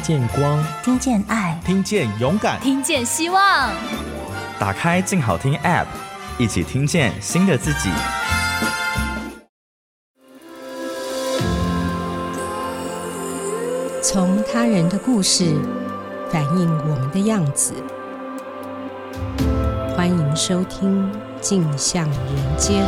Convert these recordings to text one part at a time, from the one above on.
聽見光，聽見愛，聽見勇敢，聽見希望。打開“鏡好聽 ”App，一起聽見新的自己。從他人的故事反映我們的樣子。歡迎收聽《鏡像人間》。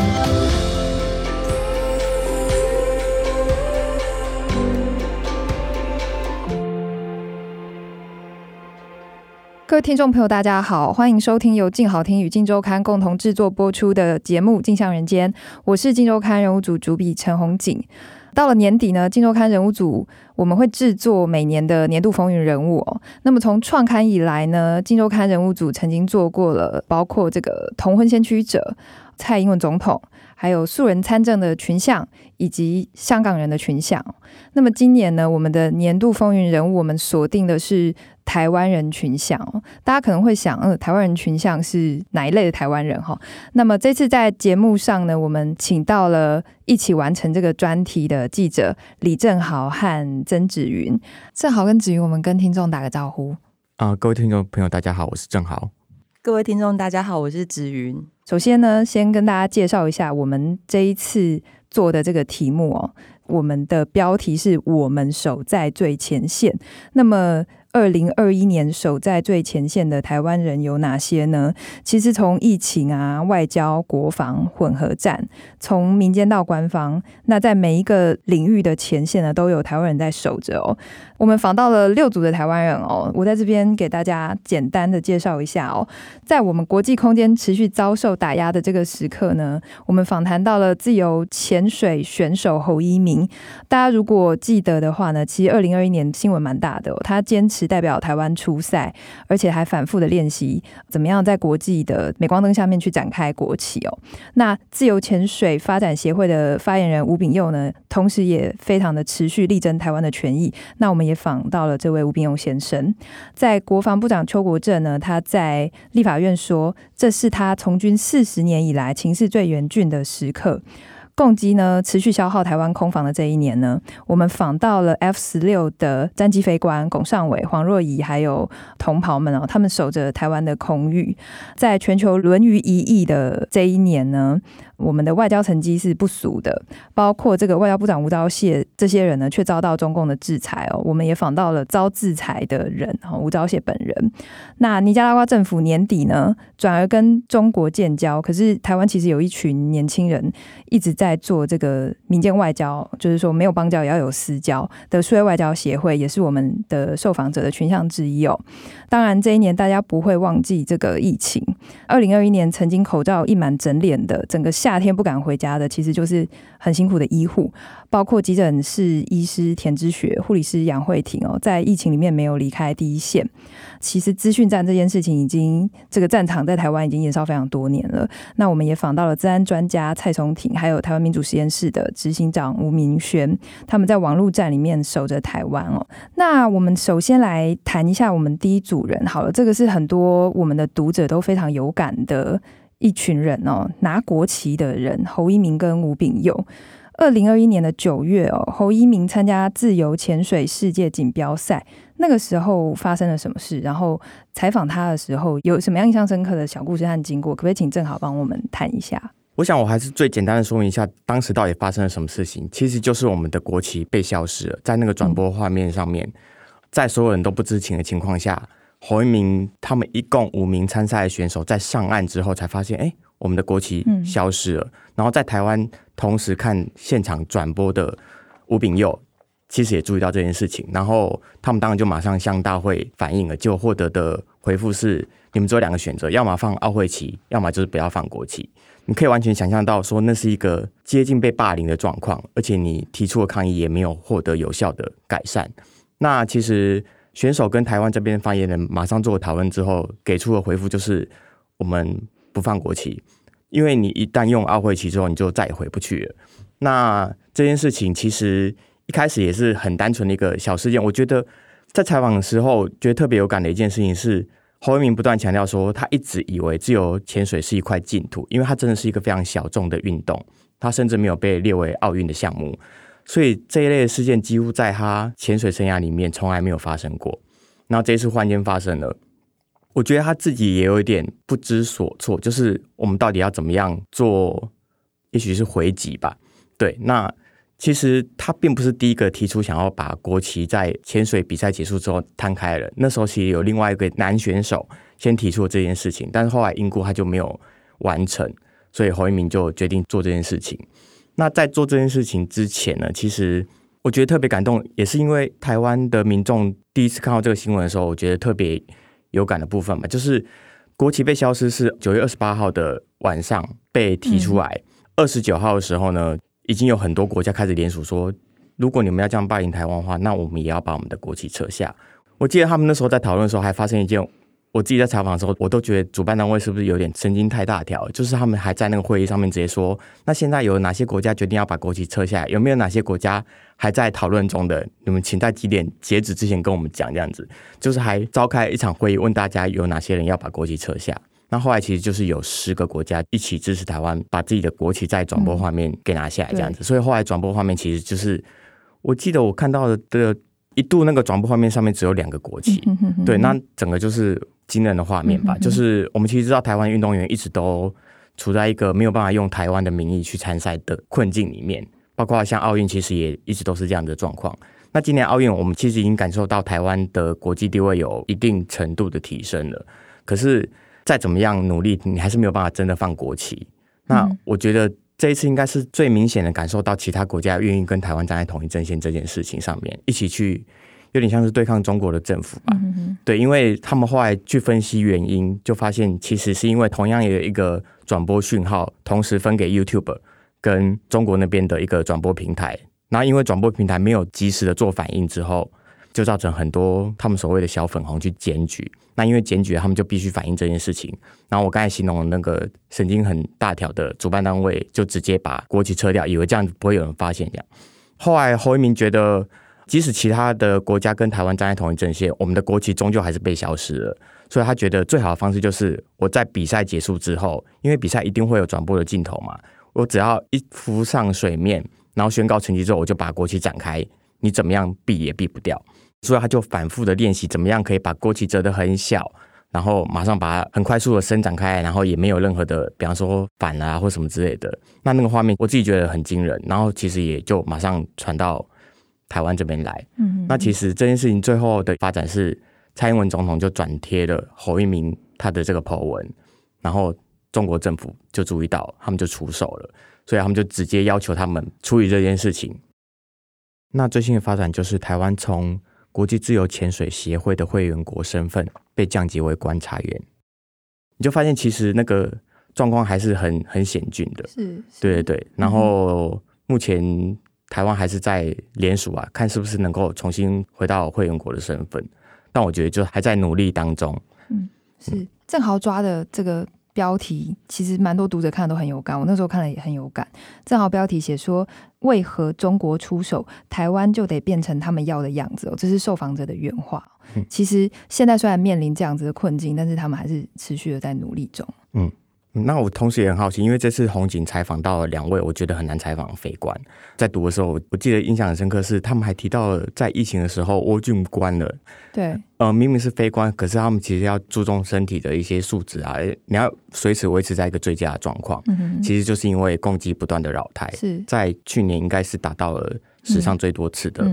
各位聽眾朋友，大家好，歡迎收聽由鏡好聽與鏡週刊共同製作播出的節目《鏡像人間》，我是鏡週刊人物組主筆陳宏景。到了年底呢，鏡週刊人物組我們會製作每年的年度風雲人物，哦。那麼從創刊以來呢，鏡週刊人物組曾經做過了，包括這個同婚先驅者蔡英文總統。還有素人參政的群像，以及香港人的群像。那麼今年呢，我們的年度風雲人物，我們鎖定的是台灣人群像。大家可能會想，呃，台灣人群像是哪一類的台灣人？哈。那麼這次在節目上呢，我們請到了一起完成這個專題的記者李正豪和曾芷芸。正豪跟芷芸，我們跟聽眾打個招呼。啊、呃，各位聽眾朋友，大家好，我是正豪。各位聽眾，大家好，我是芷芸。首先呢，先跟大家介紹一下我們這一次做的這個題目哦。我們的標題是“我們守在最前線”。那麼，二零二一年守在最前線的台灣人有哪些呢？其實從疫情啊、外交、國防混合戰，從民間到官方，那在每一個領域的前線呢，都有台灣人在守着哦。我們訪到了六組的台灣人哦，我在這邊給大家簡單的介紹一下哦。在我們國際空間持續遭受打壓的這個時刻呢，我們訪談到了自由潛水選手侯一鳴。大家如果記得的話呢，其實二零二一年新聞蠻大的哦，他堅持代表台灣出賽，而且還反復的練習怎麼樣在國際的鎂光燈下面去展開國旗哦。那自由潛水發展協會的發言人吳炳佑呢，同時也非常的持續力爭台灣的權益。那我們。也訪到了這位吳秉勇先生。在國防部長邱國正呢，他在立法院說，這是他從軍四十年以來情勢最嚴峻的時刻，共機呢持續消耗台灣空防的這一年呢，我們訪到了 F 十六的戰機飛官龔尚偉、黃若儀，還有同袍們啊，他們守着台灣的空域，在全球淪於一役的這一年呢。我們的外交成績是不俗的，包括這個外交部長吳釗燮這些人呢，卻遭到中共的制裁哦。我們也訪到了遭制裁的人，吳釗燮本人。那尼加拉瓜政府年底呢，轉而跟中國建交。可是台灣其實有一群年輕人一直在做這個民間外交，就是說沒有邦交也要有私交的。數位外交協會也是我們的受訪者的群像之一哦。當然，這一年大家不會忘記這個疫情。二零二一年曾經口罩溢滿整臉的整個下夏天不敢回家的，其實就是很辛苦的醫護，包括急診室醫師田知學、護理師楊慧婷哦，在疫情裡面沒有離開第一線。其實資訊戰這件事情，已經這個戰場在台灣已經延燒非常多年了。那我們也訪到了資安專家蔡松廷，還有台灣民主實驗室的執行長吳明軒，他們在網路戰裡面守着台灣哦。那我們首先來談一下我們第一組人好了，這個是很多我們的讀者都非常有感的。一群人哦，拿國旗的人，侯一鳴跟吳炳佑。二零二一年的九月哦，侯一鳴參加自由潛水世界錦標賽，那個時候發生了什麼事？然後採訪他的時候有什麼樣印象深刻的小故事和經過？可不可以請正好幫我們談一下？我想我還是最簡單的說明一下，當時到底發生了什麼事情？其實就是我們的國旗被消失了，在那個轉播畫面上面，在所有人都不知情的情況下。侯一鳴，他們一共五名參賽的選手在上岸之後才發現，哎、欸，我們的國旗消失了。嗯、然後在台灣同時看現場轉播的吳炳佑，其實也注意到這件事情。然後他們當然就馬上向大會反映了，結果獲得的回復是：你們只有兩個選擇，要麼放奧會旗，要麼就是不要放國旗。你可以完全想象到，說那是一個接近被霸凌的狀況，而且你提出的抗議也沒有獲得有效的改善。那其實。選手跟台灣這邊發言人馬上做討論之後，給出的回復，就是我們不放國旗，因為你一旦用奧會旗之後，你就再也回不去了。那這件事情其實一開始也是很單純的一個小事件。我覺得在採訪的時候，覺得特別有感的一件事情是，侯偉明不斷強調說，他一直以為自由潛水是一塊淨土，因為他真的是一個非常小眾的運動，他甚至沒有被列為奧運的項目。所以這一類的事件幾乎在他潛水生涯裡面從來沒有發生過，那這一次幻境發生了，我覺得他自己也有一點不知所措，就是我們到底要怎麼樣做，也許是回擊吧。對，那其實他並不是第一個提出想要把國旗在潛水比賽結束之後攤開了，那時候其實有另外一個男選手先提出了這件事情，但是後來因故他就沒有完成，所以侯一鳴就決定做這件事情。那在做這件事情之前呢，其實我覺得特別感動，也是因為台灣的民眾第一次看到這個新聞的時候，我覺得特別有感的部分嘛，就是國旗被消失是九月二十八號的晚上被提出來，二十九號的時候呢，已經有很多國家開始聯署說，如果你們要這樣霸凌台灣的話，那我們也要把我們的國旗撤下。我記得他們那時候在討論的時候，還發生一件。我自己在採訪的時候，我都覺得主辦單位是不是有點神經太大條？就是他們還在那個會議上面直接說，那現在有哪些國家決定要把國旗撤下來？有沒有哪些國家還在討論中的？你們請在幾點截止之前跟我們講這樣子。就是還召開一場會議，問大家有哪些人要把國旗撤下。那後來其實就是有十個國家一起支持台灣，把自己的國旗在轉播畫面給拿下來這樣子。所以後來轉播畫面其實就是，我記得我看到的。一度那個轉播畫面上面只有兩個國旗，嗯、哼哼。對，那整個就是驚人的畫面吧。嗯、哼哼。就是我們其實知道，台灣運動員一直都處在一個沒有辦法用台灣的名義去參賽的困境裡面，包括像奧運，其實也一直都是這樣的狀況。那今年奧運，我們其實已經感受到台灣的國際地位有一定程度的提升了。可是再怎麼樣努力，你還是沒有辦法真的放國旗。那我覺得。這一次應該是最明顯的感受到其他國家願意跟台灣站在同一陣線這件事情上面，一起去有點像是對抗中國的政府吧。對，因為他們後來去分析原因，就發現其實是因為同樣也有一個轉播訊號，同時分給 YouTube 跟中國那邊的一個轉播平台，然後因為轉播平台沒有及時的做反應之後。就造成很多他們所謂的小粉紅去檢舉，那因為檢舉，他們就必須反映這件事情。然後我剛才形容那個神經很大條的主辦單位，就直接把國旗撤掉，以為這樣子不會有人發現這樣。後來侯一鳴覺得，即使其他的國家跟台灣站在同一陣線，我們的國旗終究還是被消失了。所以他覺得最好的方式就是，我在比賽結束之後，因為比賽一定會有轉播的鏡頭嘛，我只要一浮上水面，然後宣告成績之後，我就把國旗展開，你怎麼樣避也避不掉。所以他就反覆的練習，怎麼樣可以把國旗折得很小，然後馬上把它很快速的伸展開，然後也沒有任何的，比方說反啊或什麼之類的。那那個畫面我自己覺得很驚人，然後其實也就馬上傳到台灣這邊來。嗯、哼那其實這件事情最後的發展是，蔡英文總統就轉貼了侯一明他的這個 po 文，然後中國政府就注意到，他們就出手了，所以他們就直接要求他們處理這件事情。那最新的發展就是台灣從。國際自由潛水協會的會員國身份被降級為觀察員，你就發現其實那個狀況還是很很險峻的。是，是對對、嗯、哼然後目前台灣還是在聯署啊，看是不是能夠重新回到會員國的身份。嗯、但我覺得就還在努力當中。嗯，是正好抓的這個。標題其實蠻多讀者看了都很有感，我那時候看了也很有感。正好標題寫說，為何中國出手，台灣就得變成他們要的樣子？哦？這是受訪者的原話。其實現在雖然面臨這樣子的困境，但是他們還是持續的在努力中。嗯。那我同時也很好奇，因為這次紅警採訪到了兩位，我覺得很難採訪飛官。在讀的時候，我記得印象很深刻是，是他們還提到，在疫情的時候，我就不關了。對，呃，明明是飛官，可是他們其實要注重身體的一些素質啊，你要隨時維持在一個最佳的狀況。嗯、哼其實就是因為共機不斷的擾台，是在去年應該是達到了史上最多次的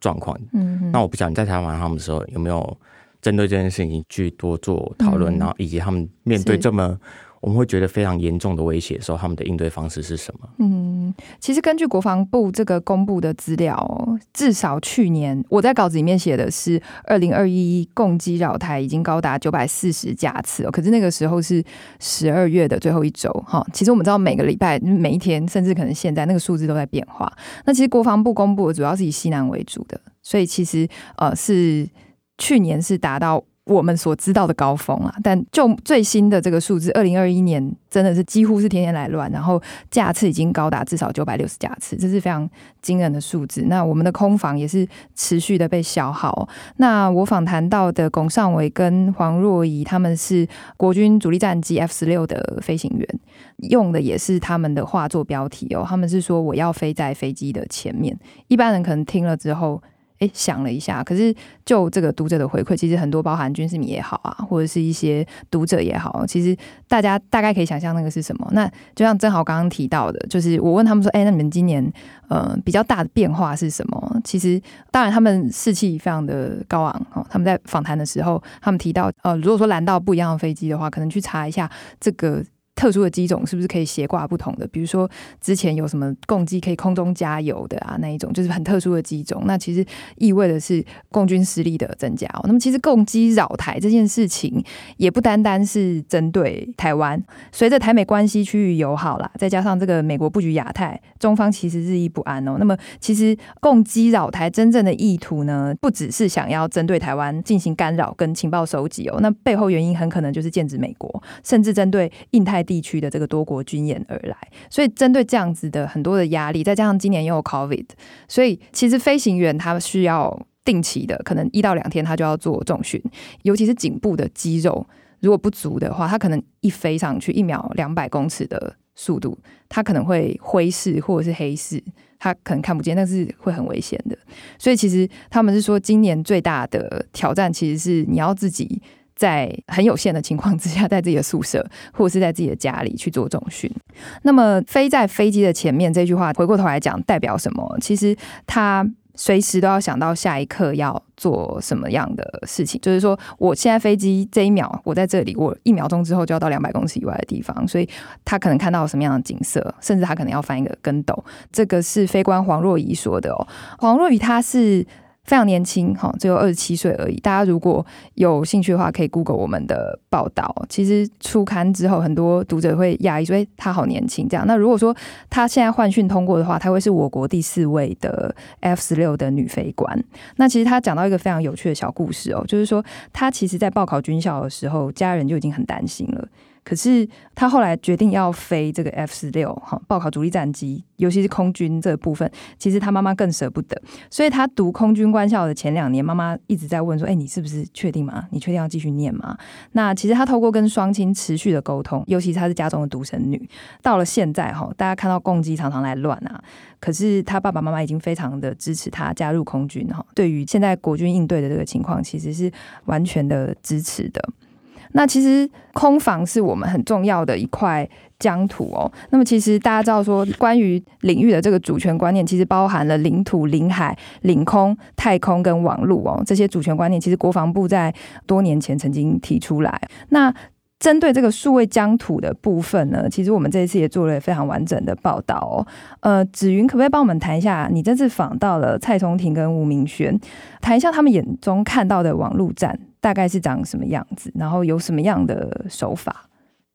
狀況。嗯嗯、那我不曉得你在採訪他們的時候有沒有針對這件事情去多做討論、啊，然後、嗯、哼以及他們面對這麼。我們會覺得非常嚴重的威脅的時候，他們的應對方式是什麼？嗯，其實根據國防部這個公布的資料，至少去年我在稿子裡面寫的是二零二一共機擾台已經高達九百四十架次，可是那個時候是十二月的最後一周哈。其實我們知道每個禮拜、每一天，甚至可能現在那個數字都在變化。那其實國防部公布的主要是以西南為主的，所以其實呃是去年是達到。我們所知道的高峰啊，但就最新的這個數字，二零二一年真的是幾乎是天天來亂，然後架次已經高達至少九百六十架次，這是非常驚人的數字。那我們的空防也是持續的被消耗。那我訪談到的龔尚偉跟黃若儀，他們是國軍主力戰機 F 十六的飛行員，用的也是他們的話做標題哦。他們是說我要飛在飛機的前面，一般人可能聽了之後。哎，想了一下，可是就這個讀者的回饋，其實很多包含軍事迷也好啊，或者是一些讀者也好，其實大家大概可以想象那個是什麼。那就像正好剛剛提到的，就是我問他們說，哎，那你們今年呃比較大的變化是什麼？其實當然他們士氣非常的高昂哦。他們在訪談的時候，他們提到呃，如果說攔到不一樣的飛機的話，可能去查一下這個。特殊的機種是不是可以斜掛不同的？比如說之前有什麼共機可以空中加油的啊？那一種就是很特殊的機種。那其實意味的是共軍實力的增加哦。那麼其實共機擾台這件事情也不單單是針對台灣。隨着台美關係趨於友好啦，再加上這個美國布局亞太，中方其實日益不安哦。那麼其實共機擾台真正的意圖呢，不只是想要針對台灣進行干擾跟情報收集哦。那背後原因很可能就是劍指美國，甚至針對印太，地區的這個多國軍演而來，所以針對這樣子的很多的壓力，再加上今年又有 COVID，所以其實飛行員他需要定期的，可能一到兩天他就要做重訓，尤其是頸部的肌肉如果不足的話，他可能一飛上去一秒兩百公尺的速度，他可能會灰視或者是黑視，他可能看不見，但是會很危險的。所以其實他們是說，今年最大的挑戰其實是你要自己。在很有限的情況之下，在自己的宿舍或者是在自己的家裡去做重訓。那麼飛在飛機的前面這句話，回過頭來講代表什麼？其實他隨時都要想到下一刻要做什麼樣的事情。就是說，我現在飛機這一秒，我在這裡，我一秒鐘之後就要到兩百公尺以外的地方，所以他可能看到什麼樣的景色，甚至他可能要翻一個跟斗。這個是飛官黃若儀說的哦。黃若儀他是。非常年輕，哈，只有二十七歲而已。大家如果有興趣的話，可以 Google 我們的報道。其實初刊之後，很多讀者會訝異，說、欸：“他好年輕。”這樣。那如果說他現在換訓通過的話，他會是我國第四位的 F 十六的女飛官。那其實他講到一個非常有趣的小故事哦，就是說他其實在報考軍校的時候，家人就已經很擔心了。可是他後來決定要飛這個 F 十六哈，16，報考主力戰機，尤其是空軍這部分，其實他媽媽更捨不得。所以他讀空軍官校的前兩年，媽媽一直在問說：“哎、欸，你是不是確定嗎？你確定要繼續念嗎？”那其實他透過跟雙親持續的溝通，尤其是他是家中的獨生女，到了現在哈，大家看到共機常常來亂啊，可是他爸爸媽媽已經非常的支持他加入空軍哈。對於現在國軍應對的這個情況，其實是完全的支持的。那其實空防是我們很重要的一塊疆土哦。那麼其實大家知道說，關於領域的這個主權觀念，其實包含了領土、領海、領空、太空跟網路哦。這些主權觀念，其實國防部在多年前曾經提出來。那針對這個數位疆土的部分呢，其實我們這一次也做了也非常完整的報道哦。呃，紫雲可不可以幫我們談一下？你這次訪到了蔡松廷跟吳明軒，談一下他們眼中看到的網絡戰大概是長什麼樣子，然後有什麼樣的手法？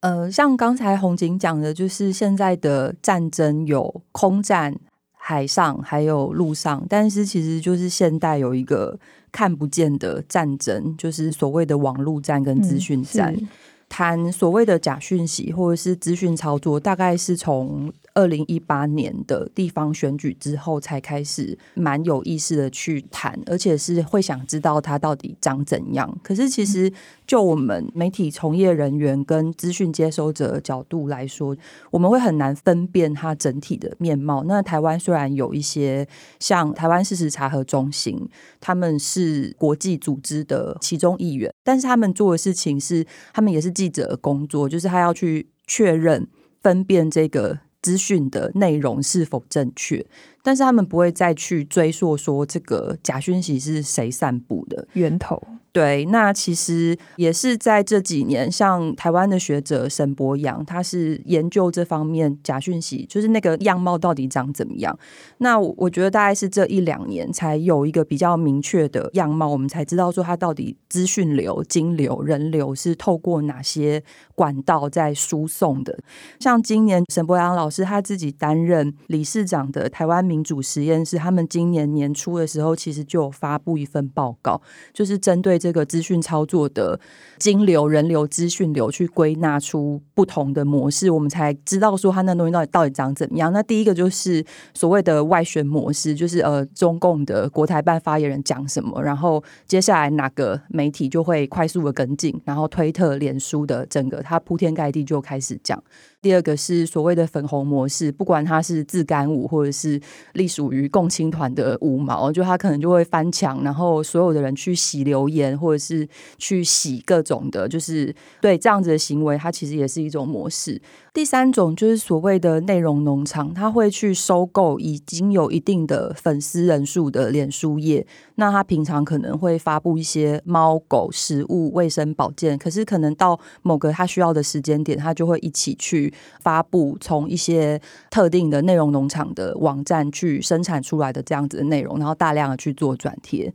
呃，像剛才紅警講的，就是現在的戰爭有空戰、海上還有陸上，但是其實就是現代有一個看不見的戰爭，就是所謂的網絡戰跟資訊戰。嗯談所謂的假訊息，或者是資訊操作，大概是從二零一八年的地方選舉之後，才開始蠻有意識的去談，而且是會想知道他到底長怎樣。可是，其實就我們媒體從業人員跟資訊接收者的角度來說，我們會很難分辨他整體的面貌。那台灣雖然有一些像台灣事實查核中心，他們是國際組織的其中一員，但是他們做的事情是，他們也是記者的工作，就是他要去確認、分辨這個。資訊的內容是否正確，但是他們不會再去追溯說這個假訊息是誰散布的源頭。對，那其實也是在這幾年，像台灣的學者沈伯洋，他是研究這方面假訊息，就是那個樣貌到底長怎麼樣。那我覺得大概是這一兩年才有一個比較明確的樣貌，我們才知道說他到底資訊流、金流、人流是透過哪些管道在輸送的。像今年沈伯洋老師他自己擔任理事長的台灣民主實驗室，他們今年年初的時候其實就有發布一份報告，就是針對。這個資訊操作的金流、人流、資訊流，去歸納出不同的模式，我們才知道說他那東西到底到底長怎麼樣。那第一個就是所謂的外宣模式，就是呃，中共的國台辦發言人講什麼，然後接下來哪個媒體就會快速的跟進，然後推特、臉書的整個，他鋪天蓋地就開始講。第二個是所謂的粉紅模式，不管它是自乾五或者是隸屬於共青團的五毛，就他可能就會翻牆，然後所有的人去洗留言，或者是去洗各種的，就是對這樣子的行為，它其實也是一種模式。第三種就是所謂的內容農場，他會去收購已經有一定的粉絲人數的臉書頁，那他平常可能會發布一些貓狗食物、衛生保健，可是可能到某個他需要的時間點，他就會一起去。發布從一些特定的內容農場的網站去生產出來的這樣子的內容，然後大量的去做轉貼。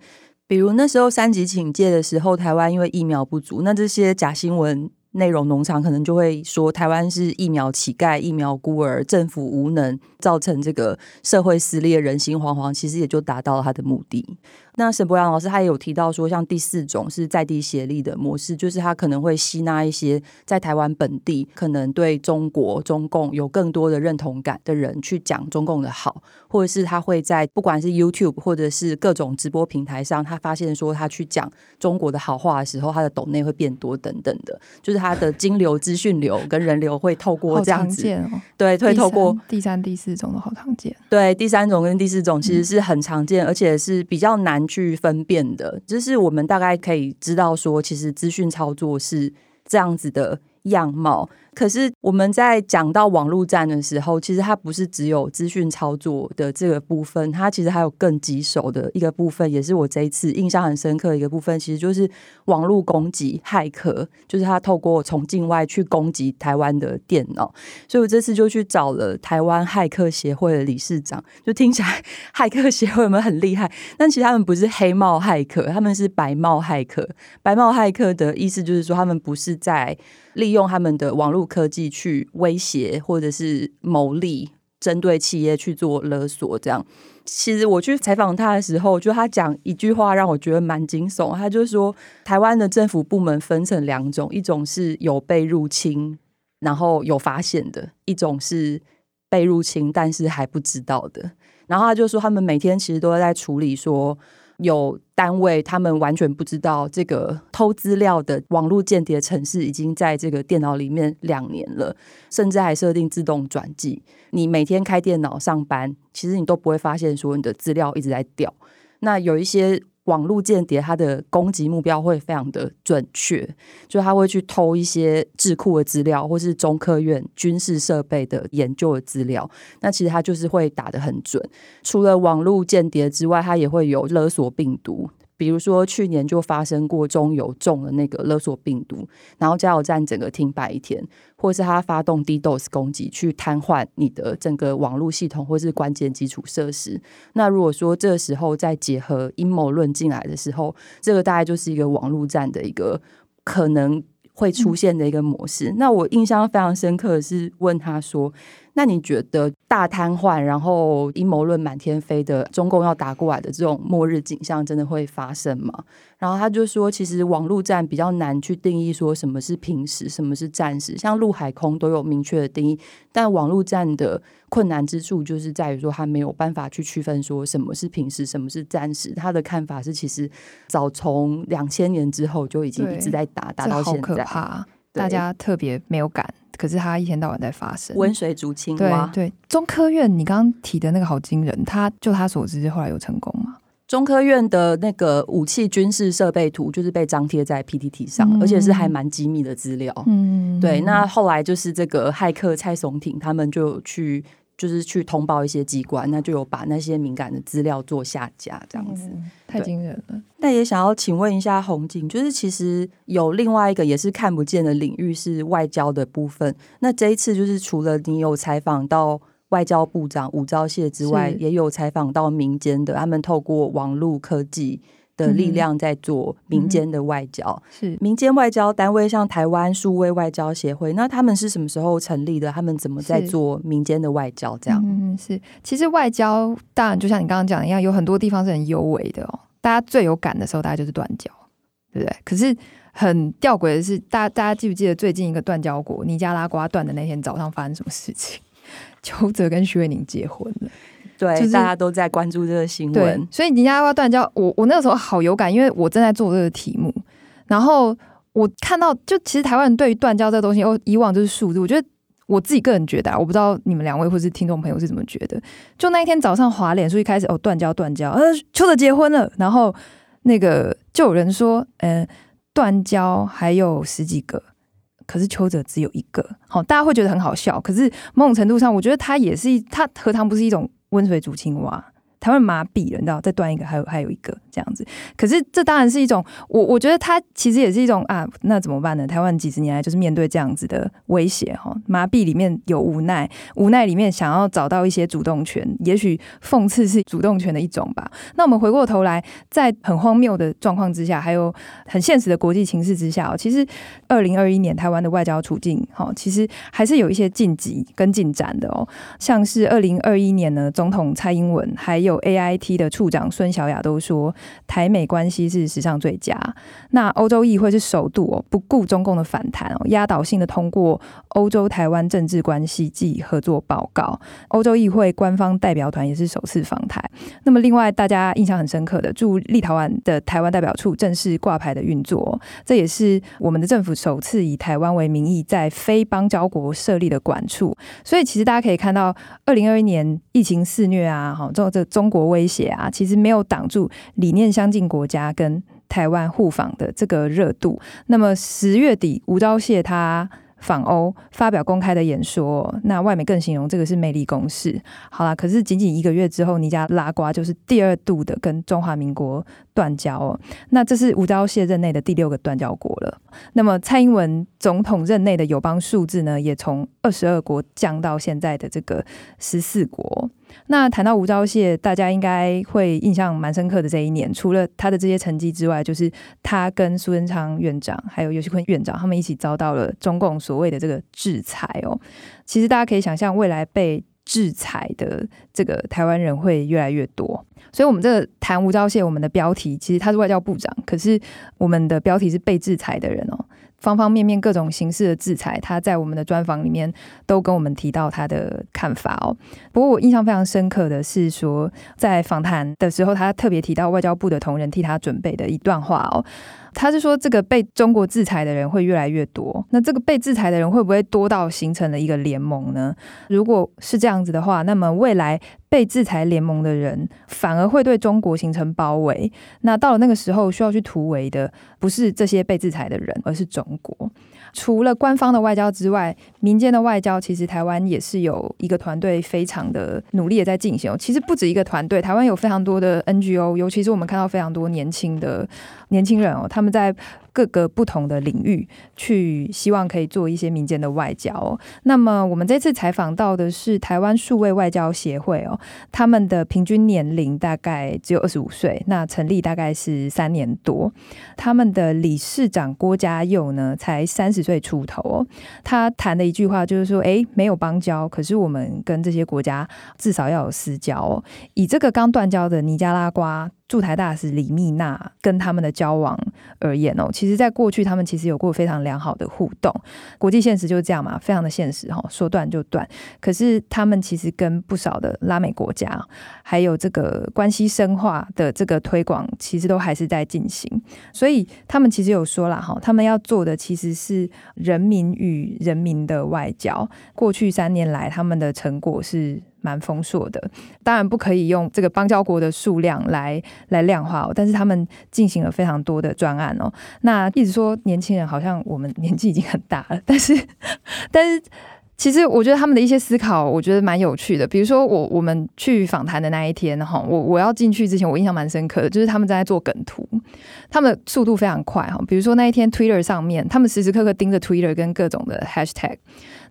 比如那時候三級警戒的時候，台灣因為疫苗不足，那這些假新聞內容農場可能就會說台灣是疫苗乞丐、疫苗孤兒，政府無能，造成這個社會撕裂、人心惶惶，其實也就達到了他的目的。那沈博洋老師他也有提到說，像第四種是在地協力的模式，就是他可能會吸納一些在台灣本地可能對中國中共有更多的認同感的人去講中共的好，或者是他會在不管是 YouTube 或者是各種直播平台上，他發現說，他去講中國的好話的時候，他的斗內會變多等等的，就是他的金流、資訊流跟人流會透過這樣子，哦、對，會透過第三、第三第四種都好常見，對，第三種跟第四種其實是很常見，而且是比較難。去分辨的，就是我們大概可以知道說，其實資訊操作是這樣子的樣貌。可是我們在講到網絡戰的時候，其實它不是只有資訊操作的這個部分，它其實還有更棘手的一個部分，也是我這一次印象很深刻的一個部分，其實就是網絡攻擊、駭客，就是他透過從境外去攻擊台灣的電腦。所以我這次就去找了台灣駭客協會的理事長，就聽起來駭客協會有沒有很厲害？但其實他們不是黑帽駭客，他們是白帽駭客。白帽駭客的意思就是說，他們不是在利用他們的網絡。科技去威脅或者是牟利，針對企業去做勒索，這樣其實我去採訪他的時候，就他講一句話讓我覺得蠻驚悚。他就說，台灣的政府部門分成兩種，一種是有被入侵然後有發現的，一種是被入侵但是還不知道的。然後他就說，他們每天其實都在處理說。有單位，他們完全不知道這個偷資料的網絡間諜程式已經在這個電腦裡面兩年了，甚至還設定自動轉寄。你每天開電腦上班，其實你都不會發現，說你的資料一直在掉。那有一些。網絡間諜，他的攻擊目標會非常的準確，就他會去偷一些智庫的資料，或是中科院軍事設備的研究的資料。那其實他就是會打得很準。除了網絡間諜之外，他也會有勒索病毒。比如說，去年就發生過中油中了那個勒索病毒，然後加油站整個停擺一天，或是他發動 DDoS 攻擊去癱瘓你的整個網絡系統，或是關鍵基礎設施。那如果說這時候再結合陰謀論進來的時候，這個大概就是一個網絡戰的一個可能。會出現的一個模式。那我印象非常深刻的是問他說：“那你覺得大癱瘓，然後陰謀論滿天飛的，中共要打過來的這種末日景象，真的會發生嗎？”然後他就說：“其實網絡戰比較難去定義，說什麼是平時，什麼是戰時，像陸海空都有明確的定義，但網絡戰的。”困難之處就是在於說，他沒有辦法去區分說什麼是平時，什麼是戰時。他的看法是，其實早從兩千年之後就已經一直在打對打到現在。這好可怕！對大家特別沒有感，可是他一天到晚在發生。溫水煮青蛙。對,對，中科院，你剛剛提的那個好驚人。他就他所知，後來有成功嗎？中科院的那個武器軍事設備圖就是被張貼在 PTT 上，嗯、而且是還蠻機密的資料。嗯，對。嗯、那後來就是這個駭客蔡松廷他們就去，就是去通報一些機關，那就有把那些敏感的資料做下架，這樣子。嗯、太驚人了。那也想要請問一下洪警，就是其實有另外一個也是看不見的領域是外交的部分。那這一次就是除了你有採訪到。外交部長吳釗燮之外，是也有採訪到民間的，他們透過網絡科技的力量在做民間的外交。是、嗯嗯、民間外交單位，像台灣數位外交協會，那他們是什麼時候成立的？他們怎麼在做民間的外交？這樣，嗯，是。其實外交當然就像你剛剛講的一樣，有很多地方是很幽微的哦。大家最有感的時候，大家就是斷交，對不對？可是很弔詭的是，大家大家記不記得最近一個斷交國尼加拉瓜斷的那天早上發生什麼事情？邱澤跟許瑋甯結婚了，就是、對，大家都在關注這個新聞，所以人家要，要斷交。我我那個時候好有感，因為我正在做這個題目，然後我看到就其實台灣人對於斷交這個東西，哦，以往就是數字。我覺得我自己個人覺得、啊，我不知道你們兩位或是聽眾朋友是怎麼覺得。就那一天早上，滑臉書一開始哦，斷交斷交，呃，邱澤結婚了，然後那個就有人說，嗯、呃，斷交還有十幾個。可是邱澤只有一個，好，大家會覺得很好笑。可是某種程度上，我覺得他也是，他何嘗不是一種溫水煮青蛙。台灣麻痹了，你知道？再斷一個，還有還有一個這樣子。可是這當然是一種，我我覺得它其實也是一種啊。那怎麼辦呢？台灣幾十年來就是面對這樣子的威脅，哈，麻痹裡面有無奈，無奈裡面想要找到一些主動權，也許諷刺是主動權的一種吧。那我們回過頭來，在很荒謬的狀況之下，還有很現實的國際情勢之下，其實二零二一年台灣的外交處境，哈，其實還是有一些晉級跟進展的哦。像是二零二一年呢，總統蔡英文還有。有 AIT 的處長孫曉雅都說，台美關係是史上最佳。那歐洲議會是首度哦，不顧中共的反彈，壓倒性的通過歐洲台灣政治關係及合作報告。歐洲議會官方代表團也是首次訪台。那麼，另外大家印象很深刻的，駐立陶宛的台灣代表處正式掛牌的運作，這也是我們的政府首次以台灣為名義，在非邦交國設立的館處。所以，其實大家可以看到，二零二一年疫情肆虐啊，這這個中國威脅啊，其實沒有擋住理念相近國家跟台灣互訪的這個熱度。那麼十月底，吳釗燮他訪歐，發表公開的演說，那外媒更形容這個是魅力攻勢。好啦，可是僅僅一個月之後，尼加拉瓜就是第二度的跟中華民國斷交哦。那這是吳釗燮任內的第六個斷交國了。那麼蔡英文總統任內的友邦數字呢，也從二十二國降到現在的這個十四國。那談到吳釗燮，大家應該會印象蠻深刻的這一年，除了他的這些成績之外，就是他跟蘇貞昌院長還有游錫堃院長他們一起遭到了中共所謂的這個制裁哦。其實大家可以想象，未來被制裁的這個台灣人會越來越多。所以，我們這個談吳釗燮，我們的標題其實他是外交部長，可是我們的標題是被制裁的人哦。方方面面各種形式的制裁，他在我們的專訪裡面都跟我們提到他的看法哦。不過我印象非常深刻的是說，在訪談的時候，他特別提到外交部的同仁替他準備的一段話哦。他是說，這個被中國制裁的人會越來越多。那這個被制裁的人會不會多到形成了一個聯盟呢？如果是這樣子的話，那麼未來被制裁聯盟的人反而會對中國形成包圍。那到了那個時候，需要去突圍的不是這些被制裁的人，而是中國。除了官方的外交之外，民間的外交其實台灣也是有一個團隊非常的努力也在進行喔。其實不止一個團隊，台灣有非常多的 NGO，尤其是我們看到非常多年輕的年輕人哦，他們在。各個不同的領域去，希望可以做一些民間的外交哦。那麼，我們這次採訪到的是台灣數位外交協會哦，他們的平均年齡大概只有二十五歲，那成立大概是三年多。他們的理事長郭家佑呢，才三十歲出頭哦。他談的一句話就是說：“誒、欸，沒有邦交，可是我們跟這些國家至少要有私交哦。”以這個剛斷交的尼加拉瓜。駐台大使李密娜跟他們的交往而言哦，其實在過去他們其實有過非常良好的互動。國際現實就是這樣嘛，非常的現實哈，說斷就斷。可是他們其實跟不少的拉美國家還有這個關係深化的這個推廣，其實都還是在進行。所以他們其實有說啦哈，他們要做的其實是人民與人民的外交。過去三年來，他們的成果是。蠻豐碩的，當然不可以用這個邦交國的數量來來量化哦，但是他們進行了非常多的專案哦。那一直說年輕人好像我們年紀已經很大了，但是，但是。其實我覺得他們的一些思考，我覺得蠻有趣的。比如說我，我我們去訪談的那一天，哈，我我要進去之前，我印象蠻深刻的，就是他們正在做梗圖，他們的速度非常快，哈。比如說那一天，Twitter 上面，他們時時刻刻盯着 Twitter 跟各種的 hashtag。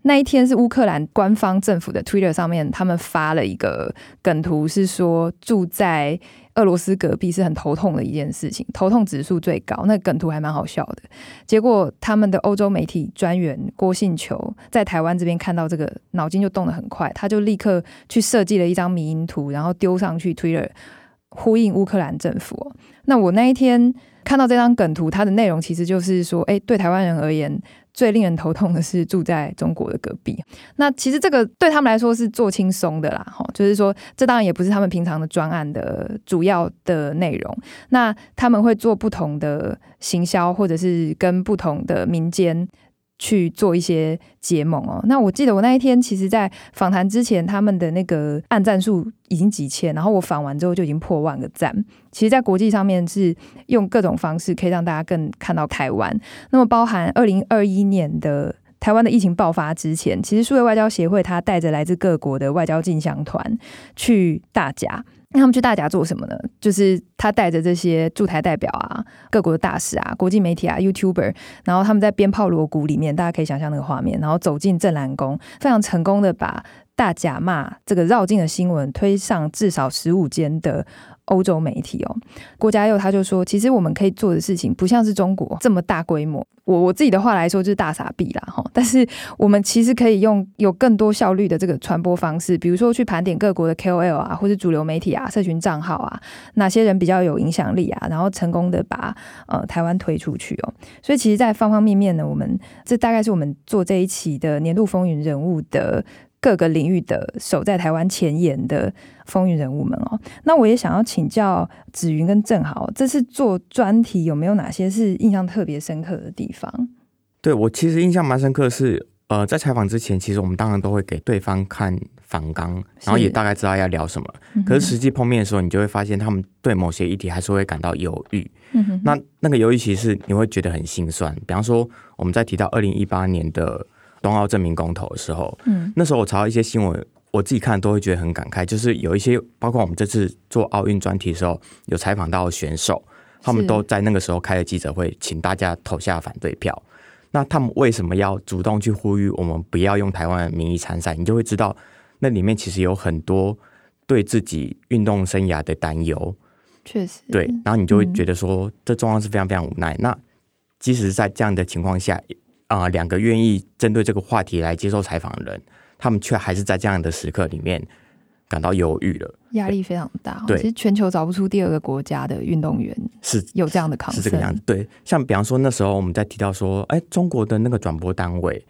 那一天是烏克蘭官方政府的 Twitter 上面，他們發了一個梗圖，是說住在。俄羅斯隔壁是很頭痛的一件事情，頭痛指數最高。那梗圖還蠻好笑的，結果他們的歐洲媒體專員郭信球在台灣這邊看到這個，腦筋就動得很快，他就立刻去設計了一張迷因圖，然後丟上去 Twitter，呼應烏克蘭政府。那我那一天看到這張梗圖，它的內容其實就是說，哎，對台灣人而言。最令人頭痛的是住在中國的隔壁。那其實這個對他們來說是做輕鬆的啦，哈，就是說這當然也不是他們平常的專案的主要的內容。那他們會做不同的行銷，或者是跟不同的民間。去做一些結盟哦，喔。那我記得我那一天，其實在訪談之前，他們的那個按讚數已經幾千，然後我訪完之後就已經破萬個讚。其實，在國際上面是用各種方式可以讓大家更看到台灣。那麼，包含二零二一年的台灣的疫情爆發之前，其實數位外交協會他帶着來自各國的外交進香團去大甲。那他們去大甲做什麼呢？就是他帶着這些駐台代表啊、各國的大使啊、國際媒體啊、YouTuber，然後他們在鞭炮鑼鼓裡面，大家可以想象那個畫面，然後走進鎮瀾宮，非常成功的把大甲媽這個繞境的新聞推上至少十五間的。歐洲媒體哦，郭嘉佑他就說，其實我們可以做的事情不像是中國這麼大規模。我我自己的話來說就是大傻逼啦哈，但是我們其實可以用有更多效率的這個傳播方式，比如說去盤點各國的 KOL 啊，或是主流媒體啊、社群賬號啊，哪些人比較有影響力啊，然後成功的把呃台灣推出去哦。所以其實，在方方面面呢，我們這大概是我們做這一期的年度風雲人物的。各個領域的守在台灣前沿的風雲人物們哦，那我也想要請教子云跟正豪，這次做專題有沒有哪些是印象特別深刻的地方？對，我其實印象蠻深刻是，呃，在採訪之前，其實我們當然都會給對方看訪綱，然後也大概知道要聊什麼。是可是實際碰面的時候，你就會發現他們對某些議題還是會感到猶豫。嗯、哼哼那，那個猶豫其實是你會覺得很心酸。比方說，我們在提到二零一八年的。冬奧正名公投的時候，嗯，那時候我查到一些新聞，我自己看都會覺得很感慨。就是有一些，包括我們這次做奧運專題的時候，有採訪到選手，他們都在那個時候開了記者會，請大家投下反對票。是那他們為什麼要主動去呼籲我們不要用台灣的名義參賽？你就會知道，那裡面其實有很多對自己運動生涯的擔憂。確實，對，然後你就會覺得說，嗯、這狀況是非常非常無奈。那即使在這樣的情況下。啊、呃，兩個願意針對這個話題來接受採訪的人，他們卻還是在這樣的時刻裡面感到猶豫了，壓力非常大。哦。對，其實全球找不出第二個國家的運動員是有這樣的抗是，是這個樣子。對，像比方說那時候我們在提到說，哎，中國的那個轉播單位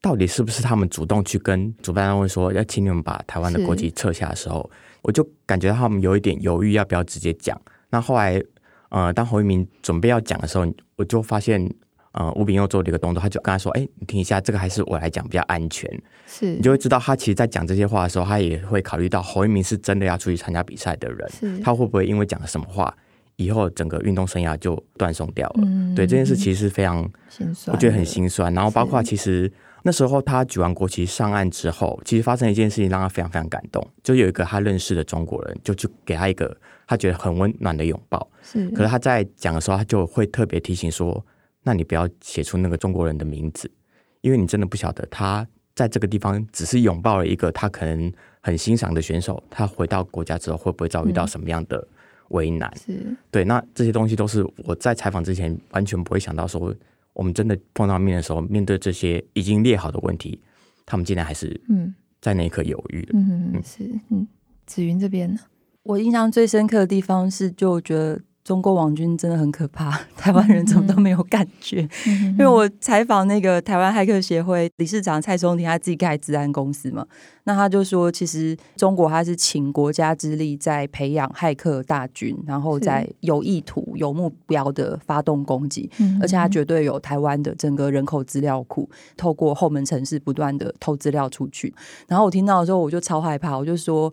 到底是不是他們主動去跟主辦單位說要請你們把台灣的國旗撤下的時候，是我就感覺到他們有一點猶豫要不要直接講。那後來，呃，當侯一民準備要講的時候，我就發現。呃，吳、嗯、秉佑做了一個動作，他就跟他說：“哎、欸，你聽一下，這個還是我來講比較安全。”是，你就會知道他其實，在講這些話的時候，他也會考慮到侯一鳴是真的要出去參加比賽的人，是他會不會因為講了什麼話，以後整個運動生涯就斷送掉了？嗯、對這件事，其實是非常，我覺得很心酸。然後，包括其實是那時候他舉完國旗上岸之後，其實發生一件事情讓他非常非常感動，就有一個他認識的中國人，就去給他一個他覺得很溫暖的擁抱。是，可是他在講的時候，他就會特別提醒說。那你不要寫出那個中國人的名字，因為你真的不曉得他在這個地方只是擁抱了一個他可能很欣賞的選手，他回到國家之後會不會遭遇到什麼樣的危難？嗯，是，對，那這些東西都是我在採訪之前完全不會想到，說我們真的碰到面的時候，面對這些已經列好的問題，他們竟然還是嗯，在那一刻猶豫的嗯，嗯是，嗯，紫雲這邊呢，我印象最深刻的地方是，就覺得。中國網軍真的很可怕，台灣人怎麼都沒有感覺。嗯、因為我採訪那個台灣駭客協會理事長蔡松廷，他自己開資安公司嘛，那他就說，其實中國他是傾國家之力在培養駭客大軍，然後在有意圖、有目標的發動攻擊，是而且他絕對有台灣的整個人口資料庫，透過後門城市不斷的偷資料出去。然後我聽到的時候，我就超害怕，我就說。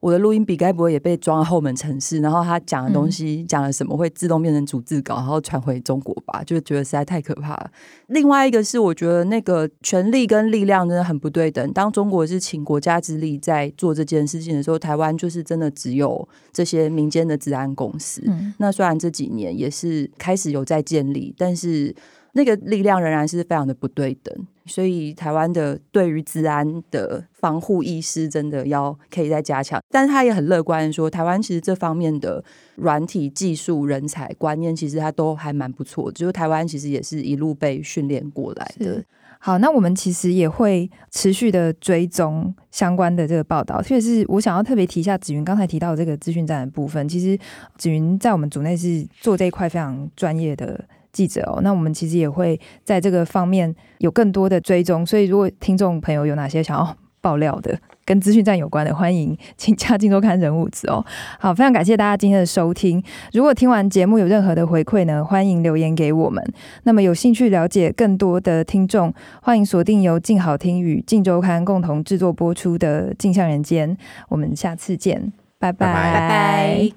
我的錄音筆該不會也被裝到後門程式，然後他講的東西講、嗯、了什麼會自動變成逐字稿，然後傳回中國吧？就覺得實在太可怕了。另外一個是，我覺得那個權力跟力量真的很不對等。當中國是請國家之力在做這件事情的時候，台灣就是真的只有這些民間的資安公司。嗯、那雖然這幾年也是開始有在建立，但是。那個力量仍然是非常的不對等，所以台灣的對於資安的防護意識真的要可以再加強。但他也很樂觀說，台灣其實這方面的軟體技術人才觀念，其實他都還蠻不錯。就是台灣其實也是一路被訓練過來的。好，那我們其實也會持續的追蹤相關的這個報道，特別是我想要特別提一下，子雲剛才提到的這個資訊站的部分，其實子雲在我們組內是做這一塊非常專業的。記者哦，那我們其實也會在這個方面有更多的追蹤，所以如果聽眾朋友有哪些想要爆料的，跟資訊站有關的，歡迎請加《鏡週刊》人物誌哦。好，非常感謝大家今天的收聽。如果聽完節目有任何的回饋呢，歡迎留言給我們。那麼有興趣了解更多的聽眾，歡迎鎖定由鏡好聽與《鏡週刊》共同制作播出的《鏡像人間》。我們下次見，拜拜拜拜。拜拜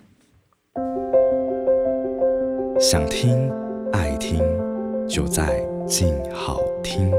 想聽。愛聽就在靜好聽。